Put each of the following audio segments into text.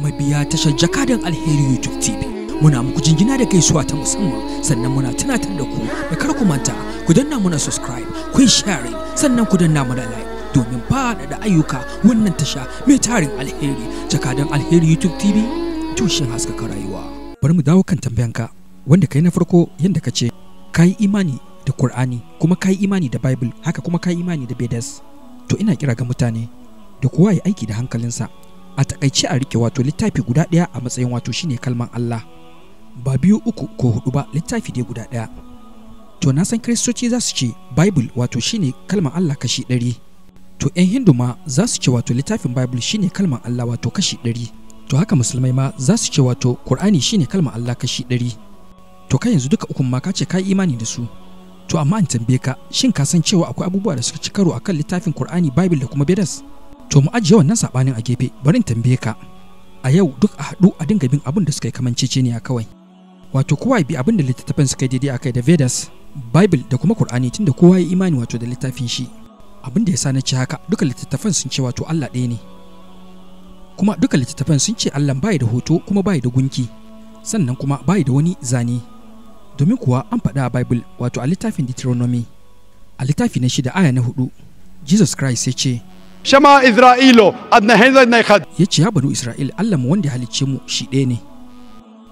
mabiya tashar jakadan alheri youtube tv muna muku jingina da gaisuwa ta musamman sannan muna tunatar da ku da kar ku manta ku danna muna subscribe ku yi sannan ku danna muna like domin faɗaɗa ayyuka wannan tasha mai tarin alheri jakadan alheri youtube tv tushen haskaka rayuwa bari mu dawo kan tambayan ka wanda kai na farko yadda ka ce ka yi imani da Kur'ani kuma ka yi imani da Bible haka kuma ka yi imani da bedas to ina kira ga mutane da kowa ya aiki da hankalinsa a takaice a rike wato littafi guda ɗaya a matsayin wato shine kalman Allah ba biyu uku ko hudu ba littafi dai guda ɗaya to na san kristoci za su ce bible wato shine kalman Allah kashi ɗari to 'yan hindu ma za su ce wato littafin bible shine kalman Allah wato kashi ɗari to haka musulmai ma za su ce wato qur'ani shine kalman Allah kashi ɗari to kai yanzu duka uku ma ka ce ka yi imani da su to amma in tambaye ka shin ka san cewa akwai abubuwa da suka ci karo akan littafin qur'ani bible da kuma bedas to mu ajiye wannan sabanin a gefe barin tambaye ka a yau duk a haɗu a dinga bin abin da suka yi ceceniya kawai wato kowa ya bi abin da littattafan suka yi daidai akai da Vedas Bible da kuma Qur'ani tunda kowa ya imani wato da littafin shi abin da sa na ci haka duka littattafan sun ce wato Allah ɗaya ne kuma duka littattafan sun ce Allah bai da hoto kuma bai da gunki sannan kuma bai da wani zane domin kuwa an faɗa a Bible wato a littafin Deuteronomy a littafi na shida aya na hudu Jesus Christ ya ce shama isra'ilo adna hanzar na kad ya ce ya banu isra'il allah mu wanda halicce mu shi ɗaya ne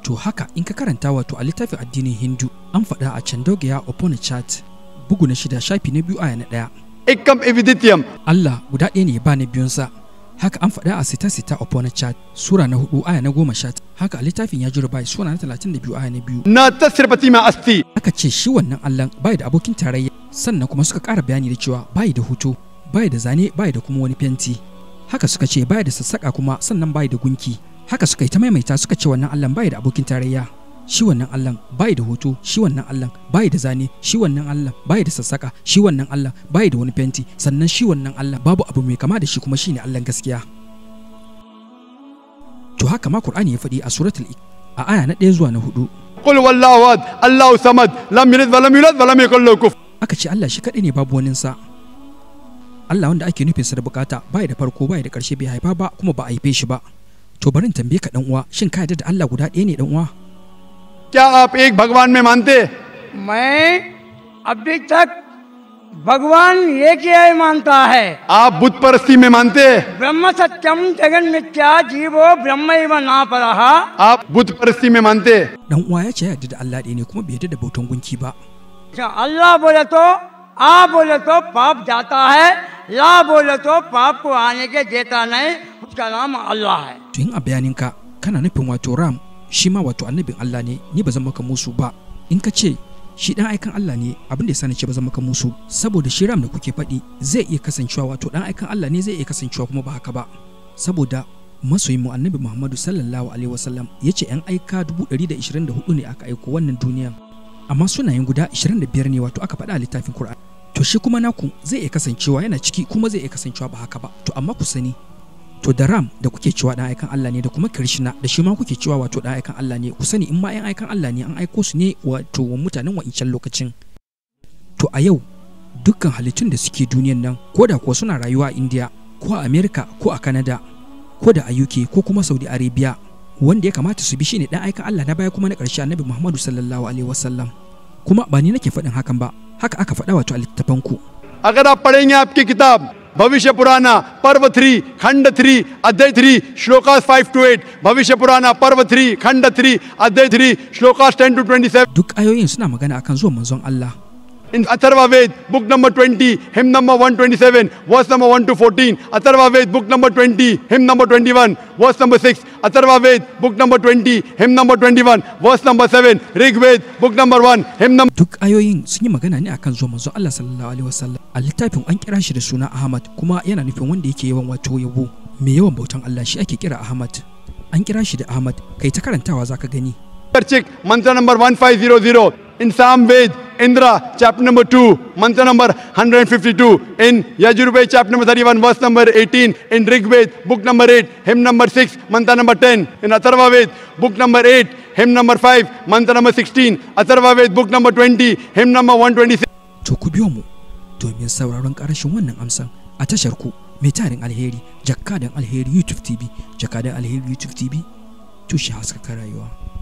to haka in ka karanta wato a littafin addinin hindu an faɗa a chandogya upon a chat. bugu na shida shafi na biyu aya na ɗaya Ikam eviditium allah guda ɗaya ne ya ba na biyunsa haka an faɗa a sita sita upon a chat. sura na hudu aya na goma sha haka a littafin ya jura bai sura na talatin da biyu aya na biyu na tasirfati ma asti aka ce shi wannan allah bai da abokin tarayya sannan kuma suka ƙara bayani da cewa bai da hutu bai da zane bai da kuma wani fenti haka suka ce bai da sassaƙa kuma sannan bai da gunki haka suka yi ta maimaita suka ce wannan allan bai da abokin tarayya shi wannan allan bai da hoto shi wannan allan bai da zane shi wannan allan bai da sassaka shi wannan allan bai da wani fenti sannan shi wannan allan babu abu mai kama da shi kuma shine allan gaskiya to haka ma qur'ani ya faɗi a suratul a aya na ɗaya zuwa na hudu qul wallahu ahad allahu samad lam yalid wa lam yulad wa lam yakul lahu aka ce allah shi kadai ne babu sa Allah wanda ake nufinsa da bukata bai da farko bai da karshe bai haifa ba kuma ba a haife shi ba to barin tambaye ka dan uwa shin ka yarda da Allah guda ɗaya ne dan uwa क्या आप एक भगवान में मानते मैं अभी तक भगवान एक ही मानता है आप बुद्ध परस्ती में मानते ब्रह्म सत्यम जगन मिथ्या जीवो ब्रह्म ना पड़ा आप बुद्ध परस्ती में मानते dan uwa ya ce yarda da Allah ɗaya ne kuma bai yarda bautan gunki ba Allah बोले तो आप बोले तो पाप जाता है la bola to pap ko aane ke deta nahi uska naam Allah hai tun a bayaninka kana nufin wato ram shi ma wato annabin Allah ne ni ba zan maka musu ba in ka ce shi dan aikan Allah ne abin da ya sani ce ba zan maka musu saboda shi ram da kuke faɗi zai iya kasancewa wato dan aikan Allah ne zai iya kasancewa kuma ba haka ba saboda masoyin mu annabi Muhammadu sallallahu alaihi wasallam ya ce yan aika 124 ne aka aiko wannan duniyan amma sunayen guda 25 ne wato aka faɗa a littafin Qur'ani to shi kuma naku zai iya kasancewa yana ciki kuma zai iya kasancewa ba haka ba to amma ku sani to da ram da kuke cewa dan aikan Allah ne da kuma krishna da shi ma kuke cewa wato dan aikan Allah ne ku sani in ma yan aikan Allah ne an aiko su ne wato wa mutanen wa'incan lokacin to a yau dukkan halittun da suke duniyar nan ko da kuwa suna rayuwa a India ko a America ko a Canada ko da a UK ko kuma Saudi Arabia wanda ya kamata su bi shine dan aikan Allah na baya kuma na karshe Annabi Muhammadu sallallahu alaihi wasallam kuma ba ni nake faɗin hakan ba haka aka faɗa wato a littafanku अगर आप पढ़ेंगे आपकी किताब भविष्य पुराना पर्व three खंड three अध्याय three श्लोकास five two eight Bhavishya Purana पर्व थ्री खंड थ्री अध्याय थ्री श्लोकास टेन टू ट्वेंटी सेवन दुख आयोजन सुना magana akan zuwan manzon Allah in Atharva Ved, book number 20, hymn number 127, verse number 1 to 14. Atharva Ved, book number 20, hymn number 21, verse number 6. Atharva Ved, book number 20, hymn number 21, verse number 7. Rig Ved, book number 1, hymn number Duk ayoyin sun yi magana ne akan zuwa manzo Allah sallallahu alaihi wasallam. A littafin an kira shi da suna Ahmad kuma yana nufin wanda yake yawan wato yabo. Me yawan bautan Allah shi ake kira Ahmad. An kira shi da Ahmad, kai ta karantawa zaka gani. Check mantra number 1500 in Psalm Ved Indra, chapter number 2, mantra number 152. In Yajurved, chapter number 31, verse number 18. In Rigved, book number 8, hymn number 6, mantra number 10. In Atharvaved, book number 8, hymn number 5, mantra number 16. Atharvaved, book number 20, hymn number 126. To ku biyo mu domin sauraron karashin wannan amsan a tashar ku mai tarin alheri jakadan alheri YouTube TV jakadan alheri YouTube TV tushe haskaka rayuwa.